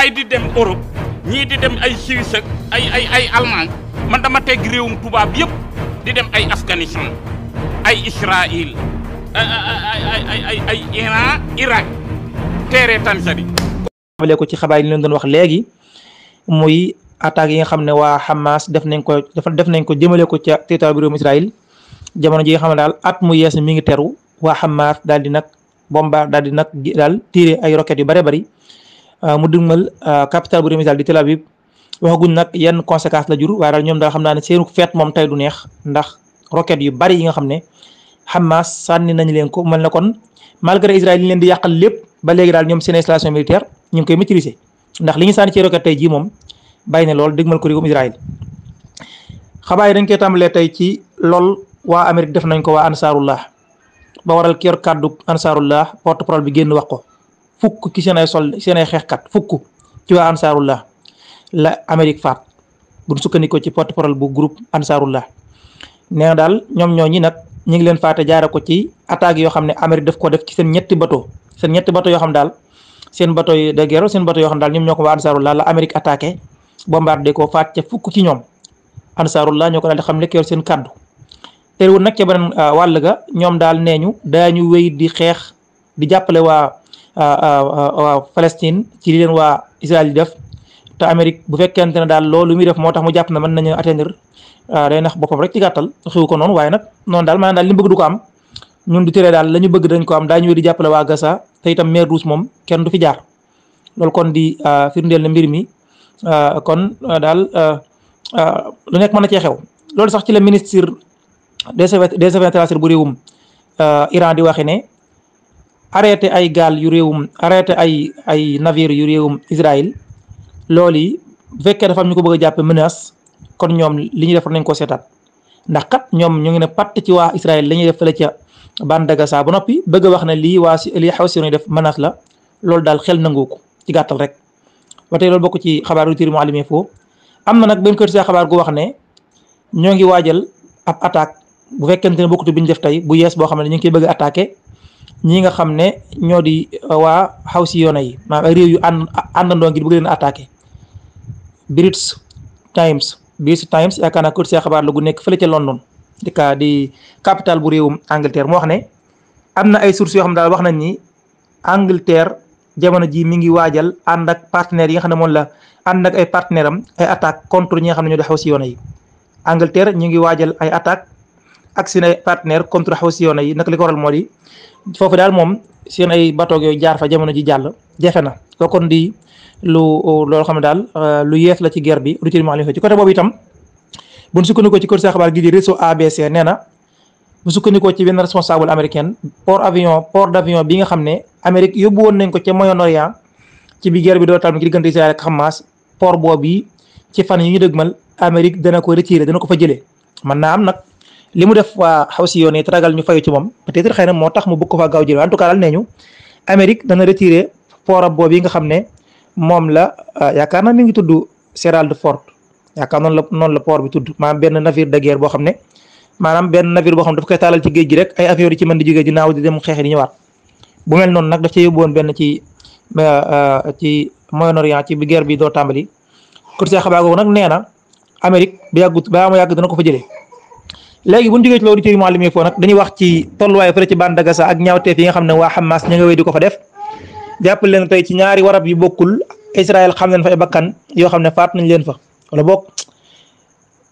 gaay di dem Europe ñi di dem ay Suisse ak ay ay ay allemand man dama teg réewum tubaab yépp di dem ay Afghanistan ay Israël ay ay ay ay ay iraq téré tan Tanzanie. xamale ko ci xabaay ñu doon wax légui muy attaque yi nga xam wa Hamas def nañ ko def nañ ko jëmele ko ci territoire bi rewum Israël jamono ji nga xam dal at mu yees mi ngi teru wa Hamas dal di nak bomba dal di nak dal tiire ay roquette yu bari bari Euh, mu dugmal euh, capital bu réew mi daal di Tel waxaguñ nag yenn conséquence la jur waaye daal ñoom daal xam naa ne seenu feet moom tey du neex ndax roquettes yu bari yi nga xam ne Hamas sànni nañ leen ko mel na kon malgré Israël yi leen di yàqal lépp ba léegi daal ñoom seen installation militaire ñu ngi koy maîtriser ndax li ñu sànni ci roquette tey jii moom bay na lool dégmal ko réewum Israël xabaar yi dañ koy tàmbalee tey ci lool waa Amérique def nañ ko waa Ansaarullah ba waral ki yor kàddu Ansaarullah porte parole bi génn wax ko fukk ki seen ay sol seen ay ci waa Ansaarullah la Amérique faat bu sukkandikoo ci porte parole bu groupe Ansaarullah nee na daal ñoom ñooñi nag ñu ngi leen faate jaare ko ci attaque yoo xam ne Amérique def ko def ci seen ñetti bateau seen ñetti bateau xam daal seen bateau yi de seen bateau yoo xam daal ñoom waa Ansaarullah la Amérique attaqué bombardé ko faat ca fukk ci ñoom Ansaarullah ñoo ko daal di xam ne yor seen kàddu terewul nag ca beneen ah, wàll ga ñoom daal nee ñu daañu wéy di xeex di jàppale waa Euh, euh, Palestine ci li leen waa Israël di def te Amérique bu fekkente ne daal loolu muy def moo tax mu jàpp na mën nañu atteindre euh, day nax boppam rek ci gàttal xiw ko noonu waaye nag noonu daal maanaam daal li bëgg du ko am ñun du tere daal la ñu bëgg dañ ko am daa ñëwee di jàppale waa Gaza te itam mer Rouge moom kenn du fi jaar loolu kon di firndeel na mbir mi kon daal lu nekk mën na cee loolu sax ci la ministre des affaires étrangères bu réewum Iran di waxe ne arrêté ay gaal yu réewum arrêté ay ay navire yu réewum Israël lool yi bu fekkee dafa am ñu ko bëgg a jàppe kon ñoom li ñu def nañ ko seetaat ndax kat ñoom ñu ngi ne pàtt ci waa Israël la ñuy def fële ca bande Gaza ba noppi bëgg wax ne lii waa si lii xaw si def menace la loolu daal xel nangu ko ci gàttal rek ba tey loolu bokk ci xabaar yu tiri Mouhalim Info am na nag benn kër saa xabaar gu wax ne ñoo ngi waajal ab attaque bu fekkente ne bokkut bi ñu def bu yees boo xam ne ñu koy bëgg attaqué ñi nga xam ne ñoo di uh, waa Housi yoona yi maanaam ay réew yu ànd àndandoo ngir bëgg leen attaqué British Times British Times yaakaar naa kuréel xabaar la gu nekk fële ca London di ka di capital bu réewum Angleterre moo wax ne am na ay sources yoo xam ne daal wax nañ ni Angleterre jamono ji mi ngi waajal ànd ak partenaires yi nga xam ne moom la ay partenaires ay attaques contre ñi nga xam ne ñoo di Housi yoona yi ngi waajal ay attaques. ak seen ay partenaire contre xaw yi nag li ko waral moo foofu daal moom seen ay bateau yooyu jaar fa jamono ji jàll jafe na ko kon di lu loolu xam ne daal euh, lu yees la ci guerre bi lu ci wax ci côté boobu itam bu ñu sukkandikoo ci kër sa xabaar gi di réseau ABC nee na bu sukkandikoo ci benn responsable américaine port avion port d' avion bi nga xam ne Amérique yóbbu woon nañ ko ca Moyen-Orient ci bi guerre bi doon taal ci diggante Israël ak Hamas port boobu yi ci fan yi ñu dëgmal Amérique dana ko retiré dana ko fa jëlee mën naa am li mu def waa si yoon yi tragal ñu fayu ci moom peut-être xëy na moo tax mu bëgg ko faa gaaw jëlee en tout cas nee ñu Amérique dana retiré port ab boobu yi nga xam ne moom la euh, yaakaar na mi ngi tudd Gerald Ford yaakaar noon la noonu la port bi tudd maanaam benn navire de guerre boo xam ne maanaam benn navire boo xam ne daf koy taalal ci géej gi rek ay avions di ci mën di jógee naaw di dem xeex di ñëwaat bu mel noonu nag daf ca yóbbuwoon benn ci euh, euh, ci Moyen-Orient ci bi guerre bi doo tàmbali. Koutia Xabaar googu nag nee na Amérique ba yàggut ba ma yàgg dana ko fa jëlee. léegi bu ñu jógee ci loolu ci Mouhalim Info nag dañuy wax ci tolluwaay fële ci Bande Gaza ak ñaawteef yi nga xam ne waa Hamas ña nga ko fa def jàpp leen tey ci ñaari warab yu bokkul Israël xam leen fa ay bakkan yoo xam ne faat nañ leen fa wala boog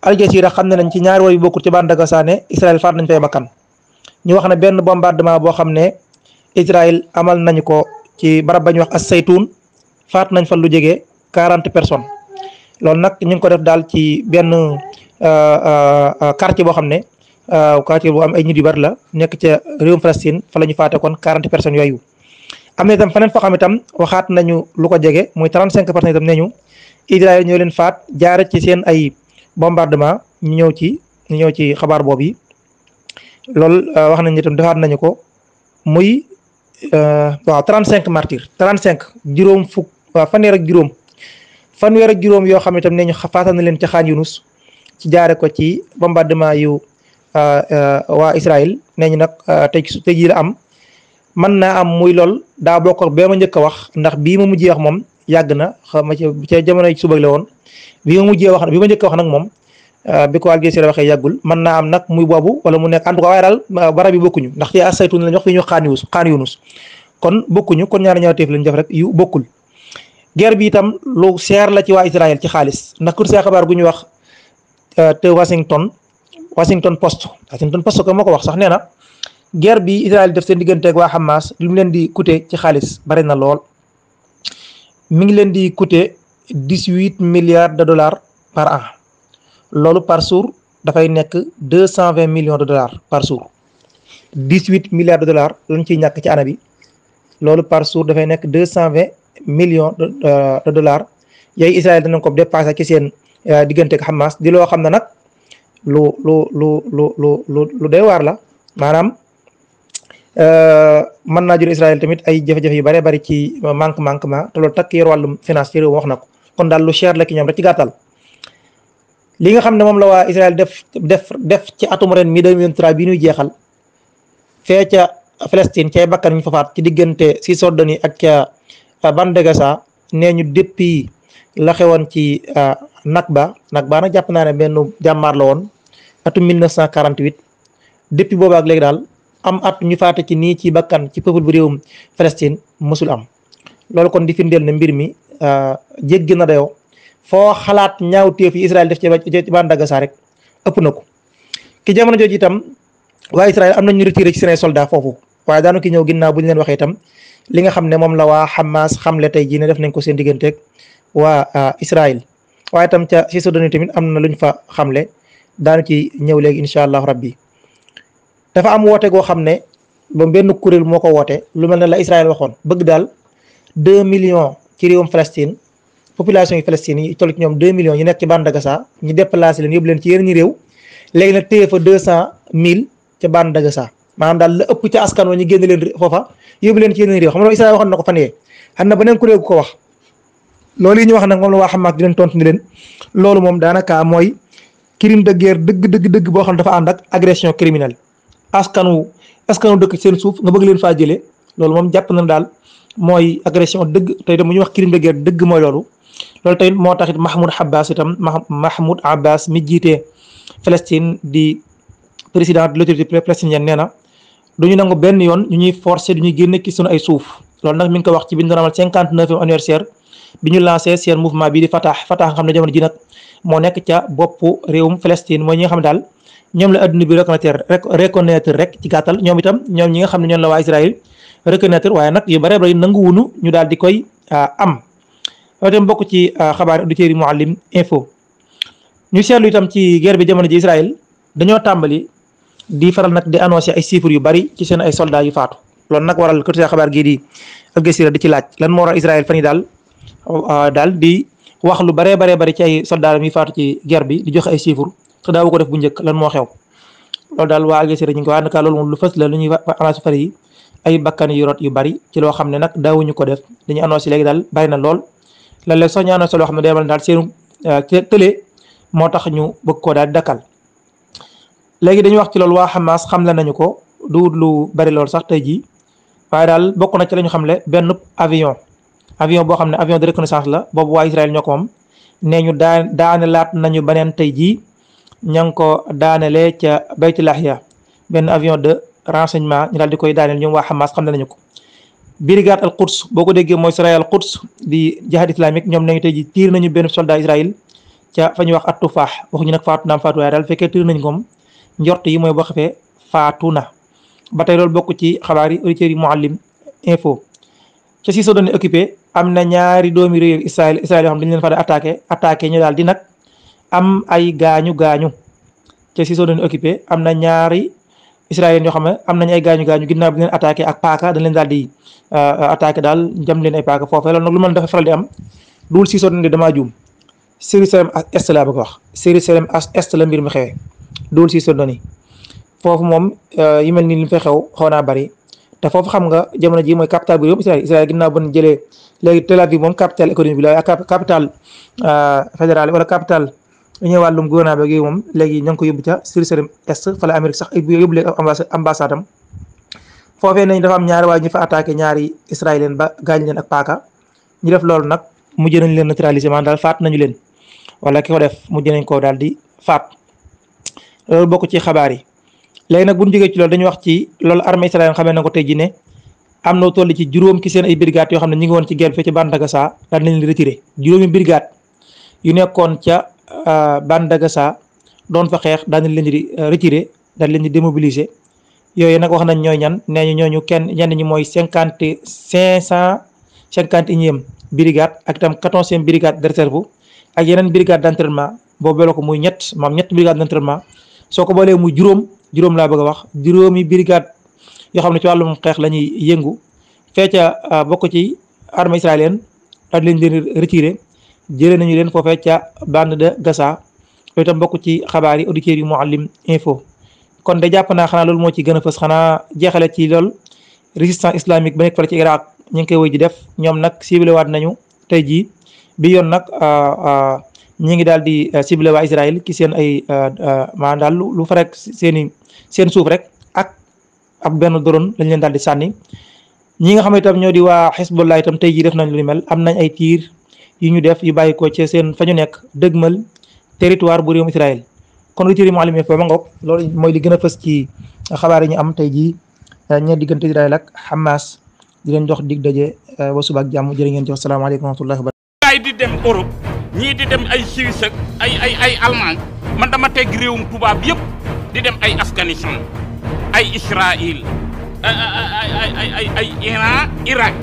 Al Jazeera xam nañ ci ñaari yu bokkul ci Bande Gaza ne Israël faat nañ fa ay bakkan ñu wax ne benn bombardement boo xam ne Israël amal nañ ko ci barab ba wax as saytuun faat nañ fa lu jege quarante personnes loolu nag ñu ko def daal ci benn. Euh, euh, euh, quartier boo xam ne quartier bu am ay nit yu la nekk ca réewum Palestine fa la ñu faate kon quarante personnes yooyu am na itam feneen foo xam itam waxaat nañu lu ko jege muy trente cinq personnes itam ne ñu Israël ñoo leen faat jaare ci seen ay bombardement ñu ñëw ci ñëw ci xabaar boobu yi loolu wax nañu itam defaat nañu ko muy waaw trente cinq martyrs trente cinq juróom fukk fa fanweer juróom fanweer ak juróom yoo xam ne itam ne ñu faatan na leen ca xaan Yunus ci jaare ko ci bombardement yu euh, euh, waa Israël nee ñu nag euh, tey tey jii la am man naa am muy lool daa bokk bee ma njëkk wax ndax bii ma mujjee wax moom yàgg na xam ca jamono suba la woon bii ma mujjee wax bi ma njëkk wax nag moom bi ko Algérie waxee yàggul mën naa am nag muy boobu wala mu nekk en tout cas waaye daal barab yi bokkuñu ndax ci asaytu lañ wax fi ñu xaan yunus xaan yunus kon bokkuñu kon ñaari ñaari téef lañ def rek yu bokkul guerre bi itam lu seer la ci waa Israël ci xaalis ndax kur see xabaar gu wax Euh, te Washington Washington Post Washington Post ko moo ko wax sax nee na guerre bi Israël def seen digganteeg waa Hamas lu mu leen di coûter ci xaalis bari na lool mi ngi leen di coûter dix-huit milliards de dollars par an loolu par jour dafay nekk deux cent vingt millions de dollars par jour dix-huit milliards de dollars lañ ciy ñàkk ci année bi loolu par jour dafay nekk deux cent vingt millions de euh, dollars yooyu Israël danañ ko dépassé ci seen. ak ya, Hamas di lo Kamnanak, nak lu lu lu lu lu lu lu doy waar la euh man na jur Israël tamit ay jëf jëf yu bare bari ci manque manquement te lo takk yor wàllum finance ci réew wax na kon dal lu cher la ki ñam rek ci gatal li nga mom la wa Israël def def def ci atum ren mi 2023 bi ñuy jéxal fé ca Palestine ci bakkan ñu fa faat ci diggante Cisjordanie ak ca Bande Gaza sa depuis la xewon ci ah, Nakba Nakba nag jàpp naa ne benn jàmmaar la woon atum 1948 depuis boobaak léegi daal am at ñu faate ci nii ci bakkan ci peuple bu réewum Palestine mosul am loolu kon di firndeel ne mbir mi euh, jéggi na dayoo foo xalaat ñaawteef yi Israël def ci bande Gaza rek ëpp na ko ki jamono jooju itam waa Israël am nañu retiré ci seen soldat foofu waaye daanu ki ñëw ginnaaw bu ñu leen waxee itam li nga xam ne moom la waa Hamas xamle tey jii ne def nañ ko seen digganteeg waa euh, Israël. waaye tam ca ci si Soudani tamit am na luñ fa xamle daanu ci ñëw léegi incha allah rabbi dafa am woote goo xam ne ba benn kuréel moo ko woote lu mel ne la Israël waxoon bëgg daal deux millions ci réewum Palestine population yi Palestine yi toll ci ñoom deux millions ñu nekk ci bande Gaza ñu déplacé leen yóbbu leen ci yeneen ñi réew léegi nag téye fa deux cent mille ca bande Gaza maanaam daal la ëpp ca askan wa ñi génn leen foofa yóbbu leen ci yeneen réew ko fan yee xam na beneen kuréel ko wax. loolu yi ñu wax nag moom la waa Hamas di leen tontu ni leen loolu moom daanaka mooy crime de guerre dëgg dëgg dëgg boo xam ne dafa ànd ak agression criminelle askanu askanu dëgg seen suuf nga bëgg leen faa jëlee loolu moom jàpp na daal mooy agression dëgg tey itam mu ñuy wax crime de guerre dëgg mooy loolu. loolu tey moo tax it Mahmoud Abbas itam Mahmoud Abbas mi jiite Palestine di président de l'autorité palestinienne nee na du ñu nangu benn yoon ñu ñuy forcer du ñuy génne ci ay suuf loolu nag mi ngi ko wax ci bi ñu doon bi ñu lancé seen mouvement bi di Fatah Fatah nga xam ne jamono ji nag moo nekk ca boppu réewum Palestine mooy ñi xam ne daal ñoom la adduna bi reconnaître rek reconnaître rek ci gàttal ñoom itam ñoom ñi nga xam ne ñoom la waa Israël reconnaître waaye nag yu bare bare nangu wunu ñu daal di koy ah, am loolu itam bokk ci ah, xabaar auditeurs yi Mouhalim info ñu seetlu itam ci guerre bi jamono ji Israël dañoo tàmbali di faral nag di annoncé ay chiffres yu bari ci seen ay soldats yu faatu loolu nag waral côté xabaar gii di Al Jazeera di ci laaj lan moo waral Israël fan yi daal Euh, daal di wax lu baree bare bari ci ay soldaaram yi faatu ci guerre bi di joxe ay chiffres te daawu ko def bu njëkk lan moo xew loolu daal waa AGSR ñu ngi ko wax loolu lu fës la lu ñuy annoncé far yi ay bakkan yu rot yu bari ci loo xam ne nag daawuñu ko def dañu annoncé léegi daal bari na lool léeg-léeg sax ñu annoncé loo xam ne demal daal seen euh, tële moo tax ñu bëgg koo daal dakkal léegi dañuy wax ci loolu waa Hamas xam la nañu ko du lu bari lool sax tey jii waaye daal bokk na ci lañu xam le benn avion avion boo xam ne avion de reconnaissance la boobu waa Israël ñoo nee ñu daa daane laat nañu beneen tey jii ña ngi ko daanelee ca Baytu ya benn avion de renseignement ñu daal di koy daaneel ñoom waa Hamas xam ne nañu ko brigade al Quds boo ko déggee mooy Saraya al Quds di jihad islamique ñoom nañu tey jii tiir nañu benn soldat Israël ca fa ñu wax at tufaax wax ñu nag faatu naam faatu waaye daal fekkee tiir nañ koom njort yi mooy boo xefee faatu na ba tey loolu bokk ci xabaar yi auditeurs yi Mouhalim info ca si am na ñaari doomi réew Israël Israël yoo xam dañu leen fa da attaqué attaqué ñu daal di nag am ay gaañu gaañu te si soo doon occupé am na ñaari israéliens yoo xam ne am nañ ay gaañu gaañu ginnaaw bi leen attaqué ak paaka dañ leen daal di euh, attaqué daal jam leen ay paaka foofee loolu nag lu mën dafa faral di am duul si soo doon di damaa juum Jérusalem ak est laa bëgg a wax Jérusalem ak est la mbir mi xewee duul si soo doon yi foofu moom euh, yi mel ni li mu xew naa bari te foofu xam nga jamono ji mooy capital bu réewum Israël Israël ginnaaw ba jëlee léegi Tel Aviv moom capital économique bi a waaye ak capital euh, fédéral wala capital ñëw wàllum gouvernement bi yooyu moom léegi ñoo ngi ko yóbbu ca Jérusalem Est fa la Amérique sax ambassade am foofee nañ dafa am ñaari waaye ñu fa attaqué ñaari israélien ba gaañ leen ak paaka ñu def loolu nag mujj nañ leen neutraliser maanaam daal faat nañu leen wala ki ko def mujj nañ koo daal di faat loolu bokk ci xabaar yi léegi nak buñu ñu ci lool dañu wax ci lool armée israël xamé na ko tey ji ne am na ci juroom ki seen ay brigade yo xamné ñi ngi won ci guerre fi ci Bandagasa daan nañ leen retiré juróomi brigade yu nekkoon ca euh, Bandagasa doon fa xex daan nañ leen di retiré daan leen di démobiliser yoy nak wax nañ ñoy ñan nee ñoñu kenn ñan ñi moy 50 500 cent cinquante brigade ak tam 14e brigade de réserve ak yenen brigade d'entraînement bo boo boole ko muy ñet maam ñett brigade d'entraînement soko bolé ko boolee muy juróom. juróom laa bëgg wax juróomi brigade yoo xam ne ci wàllum xeex la ñuy yëngu feeca bokk ci armée israélienne daal leen leen retiré jële nañu leen foofee ca bande de Gaza loolu itam bokk ci xabaar yi auditeurs yu Mouhalim info kon de jàpp naa xanaa loolu moo ci gën a fës xanaa jeexale ci lool résistance islamique ba nekk fële ci Irak ñu ngi koy wëy ji def ñoom nag ciblé waat nañu tey jii bi yoon nag ñi ngi daal di euh, ciblé waa Israël ki seen ay euh, euh, maanaam daal lu fa seeni seen suuf rek ak ab benn drone lañ leen daal di sànni ñi nga xam ne itam ñoo di waa Hezbollah itam tey jii def nañ lu mel am nañ ay tiir yu ñu def yu bàyyi ko ci seen fa ñu nekk dëgmal territoire bu réewum Israël kon lu tiri Mouhalim FM ngoog loolu mooy li gën a fës ci xabaar yi ñu am tey jii ñeent diggante Israël ak Hamas di leen jox dig daje ba suba ak jàmm jërë ngeen jox salaamaaleykum wa rahmatullahi wa barakaatuh. ñii di dem ay Suisse ak ay ay ay Allemagne man dama teg réewum tubaab yëpp di dem ay Afghanistan ay Israël ay ay ay ay ay Iran Irak